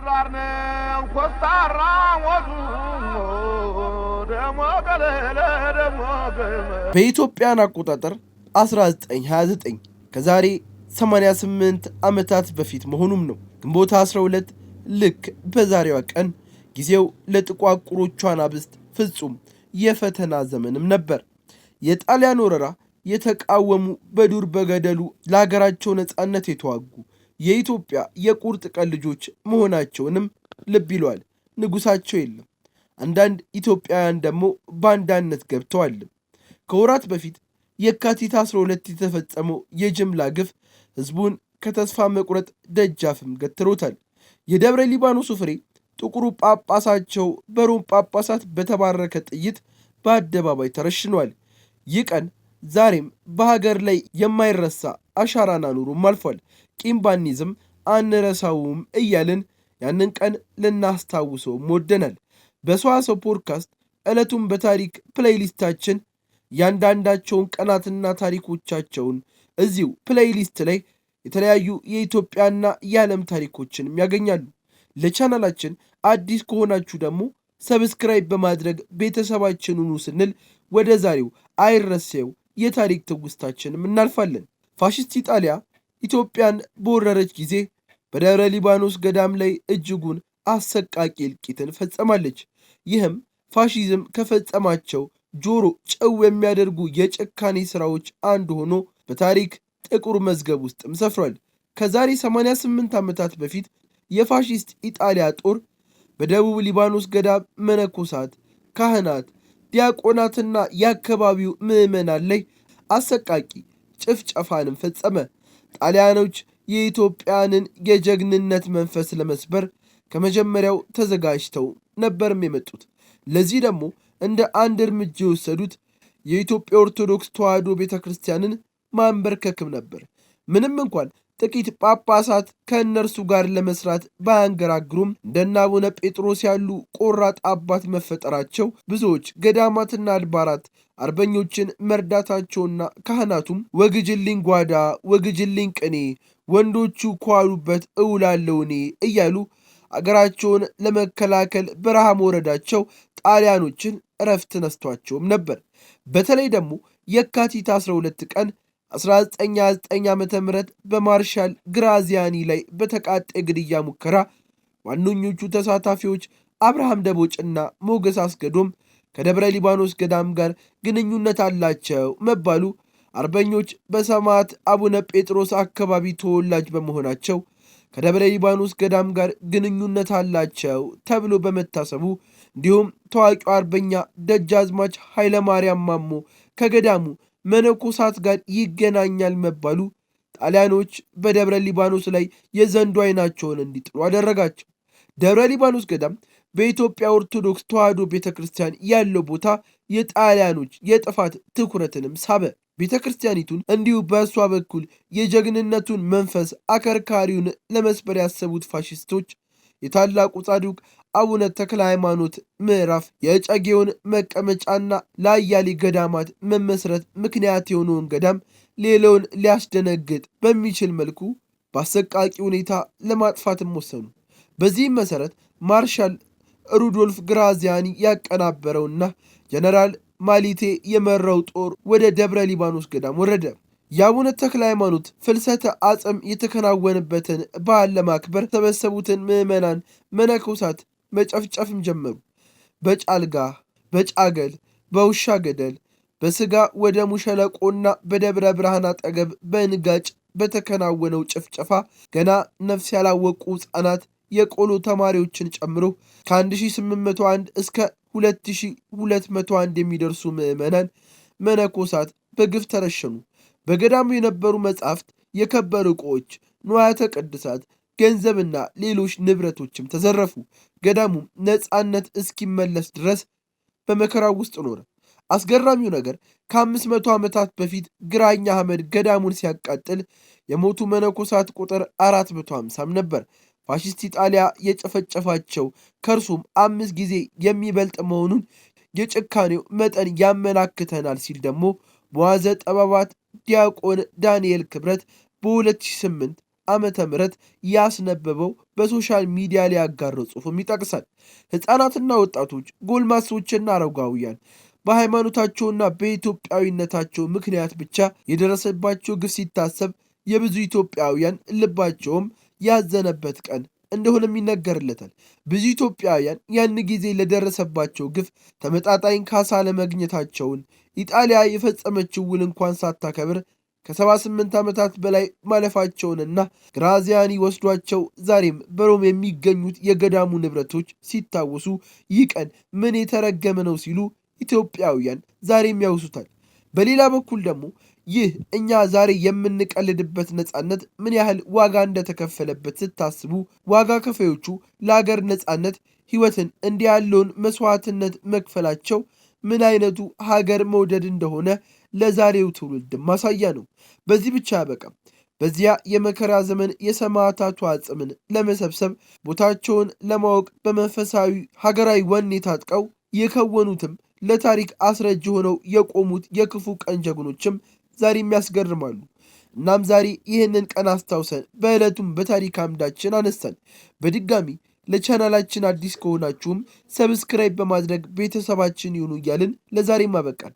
አድራር ነው ኮስታራ ደሞ ገለለ ደሞ በኢትዮጵያን አቆጣጠር 1929 ከዛሬ 88 ዓመታት በፊት መሆኑም ነው። ግንቦት 12 ልክ በዛሬዋ ቀን ጊዜው ለጥቋቁሮቹ አናብስት ፍጹም የፈተና ዘመንም ነበር። የጣሊያን ወረራ የተቃወሙ በዱር በገደሉ ለሀገራቸው ነፃነት የተዋጉ የኢትዮጵያ የቁርጥ ቀን ልጆች መሆናቸውንም ልብ ይሏል። ንጉሳቸው የለም። አንዳንድ ኢትዮጵያውያን ደግሞ ባንዳነት ገብተዋል። ከወራት በፊት የካቲት 12 የተፈጸመው የጅምላ ግፍ ህዝቡን ከተስፋ መቁረጥ ደጃፍም ገትሮታል። የደብረ ሊባኖሱ ፍሬ ጥቁሩ ጳጳሳቸው በሮም ጳጳሳት በተባረከ ጥይት በአደባባይ ተረሽኗል። ይህ ቀን ዛሬም በሀገር ላይ የማይረሳ አሻራና ኑሮም አልፏል። ቂም አንረሳውም እያልን ያንን ቀን ልናስታውሰውም ወደናል። በሰዋሰው ፖድካስት ዕለቱን በታሪክ ፕሌይሊስታችን ያንዳንዳቸውን ቀናትና ታሪኮቻቸውን እዚሁ ፕሌይሊስት ላይ የተለያዩ የኢትዮጵያና የዓለም ታሪኮችንም ያገኛሉ። ለቻናላችን አዲስ ከሆናችሁ ደግሞ ሰብስክራይብ በማድረግ ቤተሰባችን ስንል ወደ ዛሬው አይረሴው የታሪክ ትውስታችንም እናልፋለን። ፋሽስት ኢጣሊያ ኢትዮጵያን በወረረች ጊዜ በደብረ ሊባኖስ ገዳም ላይ እጅጉን አሰቃቂ እልቂትን ፈጸማለች። ይህም ፋሺዝም ከፈጸማቸው ጆሮ ጨው የሚያደርጉ የጭካኔ ሥራዎች አንዱ ሆኖ በታሪክ ጥቁር መዝገብ ውስጥም ሰፍሯል። ከዛሬ 88 ዓመታት በፊት የፋሺስት ኢጣሊያ ጦር በደቡብ ሊባኖስ ገዳም መነኮሳት፣ ካህናት፣ ዲያቆናትና የአካባቢው ምዕመናን ላይ አሰቃቂ ጭፍጨፋንም ፈጸመ። ጣሊያኖች የኢትዮጵያንን የጀግንነት መንፈስ ለመስበር ከመጀመሪያው ተዘጋጅተው ነበርም የመጡት። ለዚህ ደግሞ እንደ አንድ እርምጃ የወሰዱት የኢትዮጵያ ኦርቶዶክስ ተዋሕዶ ቤተ ክርስቲያንን ማንበርከክም ነበር። ምንም እንኳን ጥቂት ጳጳሳት ከእነርሱ ጋር ለመስራት ባያንገራግሩም እንደነ አቡነ ጴጥሮስ ያሉ ቆራጥ አባት መፈጠራቸው ብዙዎች ገዳማትና አድባራት አርበኞችን መርዳታቸውና ካህናቱም ወግጅልኝ ጓዳ ወግጅልኝ ቅኔ ወንዶቹ ከዋሉበት እውላለውኔ እኔ እያሉ አገራቸውን ለመከላከል በረሃ መውረዳቸው ጣሊያኖችን እረፍት ነስቷቸውም ነበር። በተለይ ደግሞ የካቲት 12 ቀን 1929 ዓ ም በማርሻል ግራዚያኒ ላይ በተቃጠ የግድያ ሙከራ ዋነኞቹ ተሳታፊዎች አብርሃም ደቦጭና ሞገስ አስገዶም ከደብረ ሊባኖስ ገዳም ጋር ግንኙነት አላቸው መባሉ አርበኞች በሰማዕት አቡነ ጴጥሮስ አካባቢ ተወላጅ በመሆናቸው ከደብረ ሊባኖስ ገዳም ጋር ግንኙነት አላቸው ተብሎ በመታሰቡ እንዲሁም ታዋቂው አርበኛ ደጃዝማች ኃይለማርያም ማሞ ከገዳሙ መነኮሳት ጋር ይገናኛል መባሉ ጣሊያኖች በደብረ ሊባኖስ ላይ የዘንዱ አይናቸውን እንዲጥሉ አደረጋቸው። ደብረ ሊባኖስ ገዳም በኢትዮጵያ ኦርቶዶክስ ተዋሕዶ ቤተ ክርስቲያን ያለው ቦታ የጣሊያኖች የጥፋት ትኩረትንም ሳበ። ቤተ ክርስቲያኒቱን እንዲሁ በእሷ በኩል የጀግንነቱን መንፈስ አከርካሪውን ለመስበር ያሰቡት ፋሽስቶች የታላቁ ጻድቅ አቡነ ተክለ ሃይማኖት ምዕራፍ የጨጌውን መቀመጫና ለአያሌ ገዳማት መመስረት ምክንያት የሆነውን ገዳም ሌላውን ሊያስደነግጥ በሚችል መልኩ በአሰቃቂ ሁኔታ ለማጥፋትም ወሰኑ። በዚህም መሰረት ማርሻል ሩዶልፍ ግራዚያኒ ያቀናበረውና ጀነራል ማሊቴ የመራው ጦር ወደ ደብረ ሊባኖስ ገዳም ወረደ። የአቡነ ተክለ ሃይማኖት ፍልሰተ አጽም የተከናወነበትን በዓል ለማክበር ተሰበሰቡትን ምዕመናን መነኮሳት መጨፍጨፍም ጀመሩ። በጫልጋ በጫገል በውሻ ገደል በስጋ ወደ ሙሸለቆና በደብረ ብርሃን አጠገብ በንጋጭ በተከናወነው ጭፍጨፋ ገና ነፍስ ያላወቁ ሕፃናት የቆሎ ተማሪዎችን ጨምሮ ከ1801 እስከ 2201 የሚደርሱ ምዕመናን መነኮሳት በግፍ ተረሸኑ። በገዳሙ የነበሩ መጻሕፍት፣ የከበሩ ዕቃዎች፣ ንዋያተ ቅድሳት፣ ገንዘብና ሌሎች ንብረቶችም ተዘረፉ። ገዳሙ ነፃነት እስኪመለስ ድረስ በመከራ ውስጥ ኖረ። አስገራሚው ነገር ከአምስት መቶ ዓመታት በፊት ግራኝ አህመድ ገዳሙን ሲያቃጥል የሞቱ መነኮሳት ቁጥር 450 ነበር። ፋሽስት ኢጣሊያ የጨፈጨፋቸው ከእርሱም አምስት ጊዜ የሚበልጥ መሆኑን የጭካኔው መጠን ያመላክተናል ሲል ደግሞ መዋዘ ጠበባት ዲያቆን ዳንኤል ክብረት በ2008 ዓመተ ምህረት ያስነበበው በሶሻል ሚዲያ ላይ ያጋረው ጽሑፍም ይጠቅሳል። ሕፃናትና ወጣቶች፣ ጎልማሶችና አረጋውያን በሃይማኖታቸውና በኢትዮጵያዊነታቸው ምክንያት ብቻ የደረሰባቸው ግፍ ሲታሰብ የብዙ ኢትዮጵያውያን ልባቸውም ያዘነበት ቀን እንደሆነም ይነገርለታል። ብዙ ኢትዮጵያውያን ያን ጊዜ ለደረሰባቸው ግፍ ተመጣጣኝ ካሳ ለመግኘታቸውን ኢጣሊያ የፈጸመችው ውል እንኳን ሳታከብር ከ78 ዓመታት በላይ ማለፋቸውንና ግራዚያኒ ወስዷቸው ዛሬም በሮም የሚገኙት የገዳሙ ንብረቶች ሲታወሱ ይህ ቀን ምን የተረገመ ነው ሲሉ ኢትዮጵያውያን ዛሬም ያውሱታል። በሌላ በኩል ደግሞ ይህ እኛ ዛሬ የምንቀልድበት ነፃነት ምን ያህል ዋጋ እንደተከፈለበት ስታስቡ ዋጋ ከፋዮቹ ለአገር ነፃነት ሕይወትን እንዲህ ያለውን መስዋዕትነት መክፈላቸው ምን አይነቱ ሀገር መውደድ እንደሆነ ለዛሬው ትውልድ ማሳያ ነው። በዚህ ብቻ አያበቃም። በዚያ የመከራ ዘመን የሰማዕታቱ አጽምን ለመሰብሰብ ቦታቸውን ለማወቅ በመንፈሳዊ ሀገራዊ ወኔ ታጥቀው የከወኑትም ለታሪክ አስረጅ ሆነው የቆሙት የክፉ ቀን ጀግኖችም ዛሬም ያስገርማሉ። እናም ዛሬ ይህንን ቀን አስታውሰን በዕለቱም በታሪክ አምዳችን አነሳን። በድጋሚ ለቻናላችን አዲስ ከሆናችሁም ሰብስክራይብ በማድረግ ቤተሰባችን ይሁኑ እያልን ለዛሬም አበቃል።